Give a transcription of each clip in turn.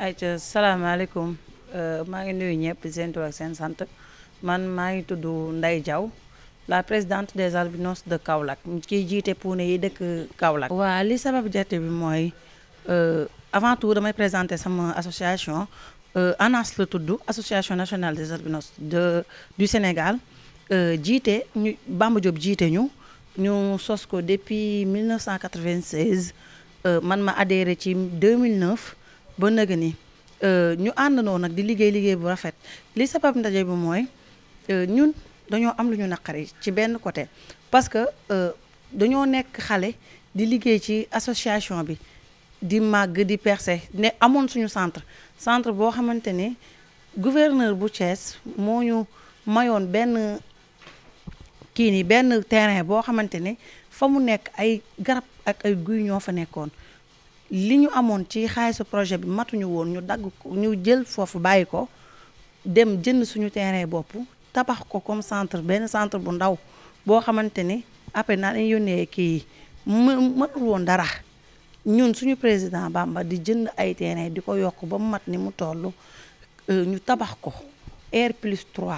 aici, salam alaikum. Uh, mă gândesc ñëpp prezentul tur ak sant man maa ngi tudd Ndeye Diaw la présidente des albinos de Kaolack ki jiite pune yi dëkk Kaolack. waa li sabab jate bi mooy uh, avant tout damay présenter sama association uh, ANAS le tudd association nationale des albinos de du Sénégal jiite ñu Bamba Diop jiite ñu ñu sos depuis 1996 man ma adhéré ci 2009. ba nëgë ni euh, ñu àndandoo nag di liggéey liggéey bu rafet li sabab ndaje bi mooy euh, ñun dañoo am lu ñu naqari ci benn côté parce que euh, dañoo nekk xale di liggéey ci association bi di màgg di percé ne amoon suñu centre centre boo xamante ne gouverneur bu Thiès moo ñu mayoon benn kii nii benn terrain boo xamante ne fa mu nekk ay garab ak ay guy ñoo fa nekkoon li ñu amoon ci xaalisu projet bi matuñu woon ñu dagg ko ñu jël foofu bàyyi ko dem jënd suñu terrain bopp tabax ko comme centre benn centre bu ndaw boo xamante ni après naa dañ yónnee kii mu matul woon dara ñun suñu président Bamba di jënd ay terrain di ko yokk ba mu mat ni mu toll euh, ñu tabax ko R plus 3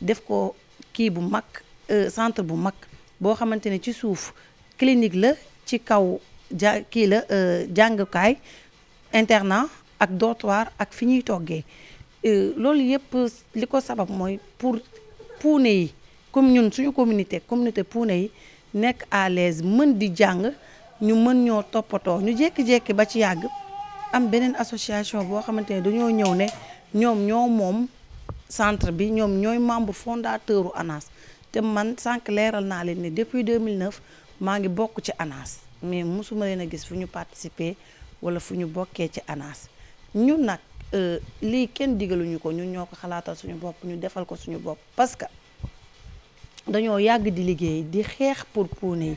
def ko kii bu mag euh, centre bu mag boo xamante ne ci suuf clinique la ci kaw ja kii la euh, jàngukaay internant ak dortoir ak fi ñuy toggee euh, loolu yëpp li ko sabab mooy pour puune yi comme ñun suñu communauté communauté puune yi nekk à l'aise mën di jàng ñu mën ñoo toppatoo ñu jékki-jékki ba ci yàgg am beneen association boo xamante ne dañoo ñëw ne ñoom ñoo moom centre bi ñoom ñooy membre fondateur u ANAS te man sànq leeral naa leen ne depuis 2009 maa ngi bokk ci ANAS mais mosuma leen a gis fu ñu participer wala fu ñu bokkee ci ANAS ñun nag euh, lii kenn digaluñu ko ñu ñoo ko xalaatal suñu bopp ñu defal ko suñu bopp parce que dañoo yàgg di liggéey di xeex pour puune yi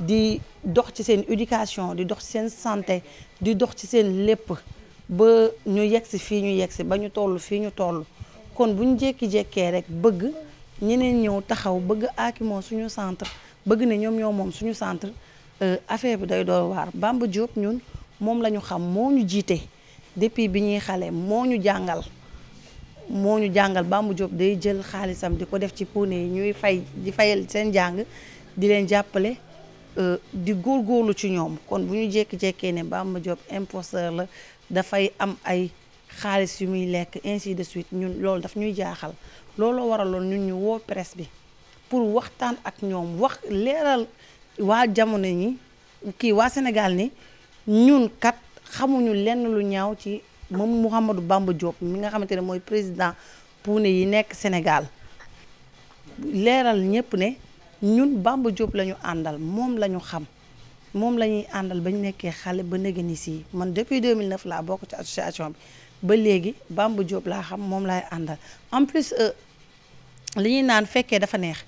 di dox ci seen éducation di dox ci seen santé di dox ci seen lépp ba ñu yegsi fii ñu yegsi ba ñu toll fii ñu toll kon buñ ñu jékki-jékkee rek bëgg ñeneen ñëw taxaw bëgg aakimoo suñu centre bëgg ne ñoom ñoo moom suñu centre Euh, affaire bi day doon waar Bamba job ñun mom lañu xam moñu jité depuis biñuy xalé moñu jangal moñu jangal moo ñu Bamba Diop day jël xaalisam diko def ci pone ñuy fay di fayal sen jang di len jappelé jàppale euh, di gor góorgóorlu ci ñom kon buñu jék jéké né ne Bamba Diop imposteur la da fay am ay xaaliss yu muy lekk ainsi de suite ñun lool daf ñuy jaaxal loolo waraloon ñun ñu wo presse bi pour waxtaan ak ñom wax leral waa jamono ñi kii waa Sénégal ni ñun kat xamuñu lenn lu ñaaw ci moom Mouhamadou Bamba Diop mi nga xamante ne mooy président puune yi nekk Sénégal leeral ñëpp ne ñun Bamba Diop la ñu àndal moom la ñu xam moom la ñuy àndal ba nekkee xale ba nëgë ni si man depuis 2009 laa ko ci association bi ba léegi Bamba Diop laa xam moom laay àndal en plus euh, li ñuy naan fekkee dafa neex.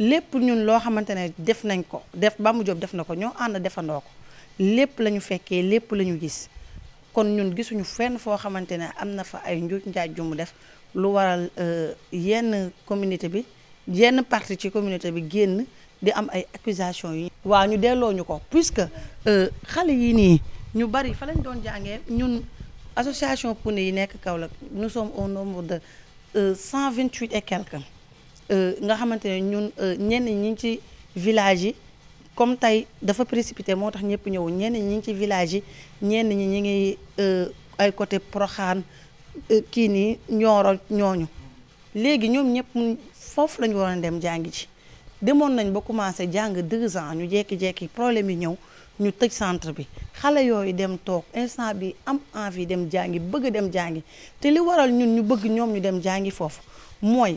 lépp ñun loo xamante ne def nañ ko def ba mu job def na ko ñoo ànd defandoo ko lépp la ñu fekkee lépp lañu gis kon ñun gisuñu fenn foo xamante ne am na fa ay njuuj njaaj ju def lu waral euh, yenn communauté bi yenn parti ci communauté bi génn di am ay accusation yi waa ñu delloo ñu ko puisque euh, xale yi nii ñu bari fa lañ doon jàngee ñun association Pune yi nekk Kaolack nous sommes au nombre de euh, cent 128 et quelques Euh, nga xamante ne ñun euh, ñenn ñi ngi ci village yi comme tey dafa précipité moo tax ñëpp ñëw ñenn ñi ngi ci village yi ñenn ñi ñu ngi euh, ay côté Proxaan kii nii Nioro ñooñu léegi ñoom ñëpp foofu la ñu waroon dem jàngi ci demoon nañ ba commencé jàng deux ans ñu jekki-jekki problème yi ñëw ñu tëj centre bi xale yooyu dem toog instant bi am envie dem jàngi bëgg dem jàngi te li waral ñun ñu bëgg ñoom ñu dem jàngi foofu mooy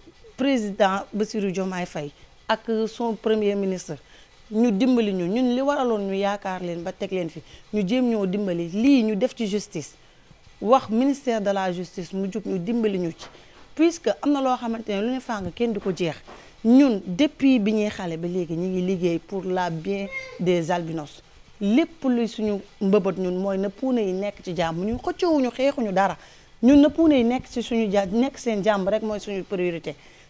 président Bassirou Diomaye Faye ak son premier ministre ñu dimbali ñu ñun li waraloon ñu yaakaar leen ba teg leen fi ñu jéem ñoo dimbali lii ñu def ci justice wax ministère de la justice mu jug ñu dimbali ñu ci puisque am na loo xamante ne lu ne fàng kenn di ko jeex ñun depuis bi ñuy xale ba léegi ñu ngi liggéey pour la bien des albinos lépp lu suñu mbëbët ñun mooy na puune yi nekk ci jàmm ñu xëccoowuñu xeexuñu dara ñun na puune yi nekk ci suñu ja nekk seen jàmm rek mooy suñu priorité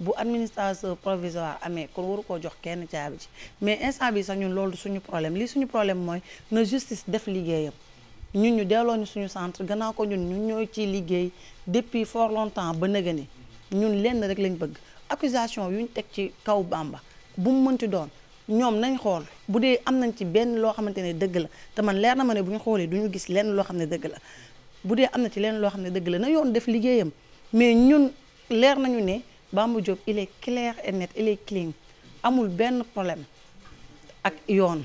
bu administration provisoire amee kon waru koo jox kenn caabi ji mais instant bi sax ñun loolu suñu problème lii suñu problème mooy na justice def liggéeyam ñun ñu delloo ñu suñu centre gannaaw ko ñun ñu ñooy ciy liggéey depuis fort longtemps ba nëga ni ñun lenn rek lañ bëgg accusation ñu teg ci kaw Bamba bu mu mënti doon ñoom nañ xool bu dee am nañ ci benn loo xamante ne dëgg la te man leer na ma ne bu ñu xoolee du ñu gis lenn loo xam ne dëgg la bu dee am na ci lenn loo xam ne dëgg la na yoon def liggéeyam mais ñun leer nañu ne Bamba Diop il est clair et net il clean amul benn problème ak yoon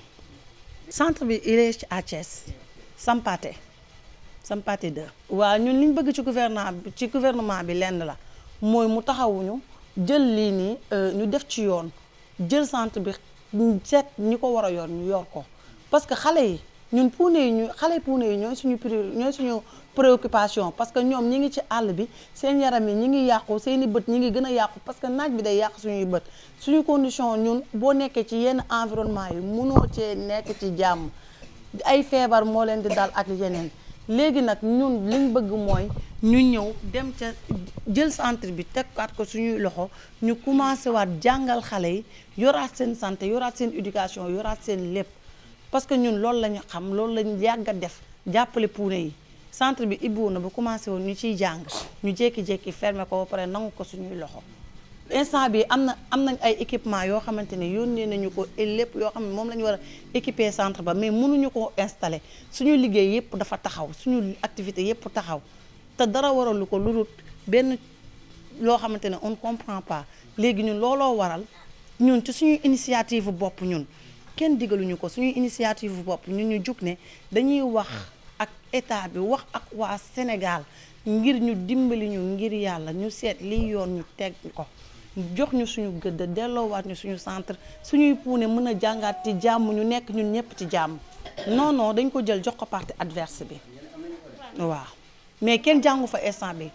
centre bi il ci à Thiès Sampaté Sampaté 2 waaw ñun li ñu bëgg ci gouvernement bi ci gouvernement bi lenn la mooy mu taxawuñu jël lii nii euh, ñu def ci yoon jël centre bi seet ñi ko war a yoon ñu yor parce que xale yi ñun puune yi ñu xale puune yi ñooy suñu pri ñooy suñu préoccupation parce que ñoom ñi ngi ci àll bi seen yaram yi ñi ngi yàqu seen i bët ñi ngi gën a yàqu parce que naaj bi day yàq suñuy bët suñu condition ñun boo nekkee ci yenn environnement yi mënoo cee nekk ci jàmm ay feebar moo leen di dal ak yeneen léegi nag ñun liñ bëgg mooy ñu ñëw dem ca jël centre bi teg tegkaat ko suñuy loxo ñu commencé waat jàngal xale yi yoraat seen santé yoraat seen éducation yoraat seen lépp parce que ñun loolu la ñu xam loolu la ñu yàgg a def jàppale puune yi centre bi ibbu na ba commencé woon ñu ciy jàng ñu jékki-jékki ferme ko ba pare nangu ko suñuy loxo instant bi am na am nañ ay équipement yoo xamante ne yónnee nañu ko lépp yoo xam ne moom la ñu war a équiper centre ba mais munuñu ko installé suñu liggéey yëpp dafa taxaw suñu activité yëpp taxaw te dara waralu ko lu dul benn loo xamante ne on comprend pas léegi ñun looloo waral ñun ci suñu initiative bopp ñun kenn digaluñu ko suñuy initiative bopp ñu ñu jug ne dañuy wax ak état bi wax ak waa Sénégal ngir ñu dimbali ñu ngir yàlla ñu seet li yoon ñu teg ko jox ñu suñu gëdd delloowaat ñu suñu centre suñuy puune mën a jàngaat ci jàmm ñu nekk ñun ñëpp ci jàmm non dañ ko jël jox ko parti adverse bi waaw mais kenn jàngu fa instant bi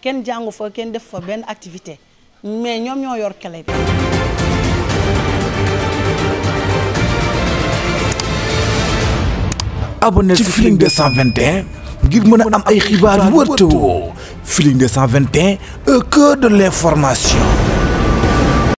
kenn jàngu fa kenn def fa benn activité mais ñoom ñoo yor clé bi abonné ci Feeling 221 ngir mën a am ay xibaar yu wër woo Feeling 221 un cœur de l'information.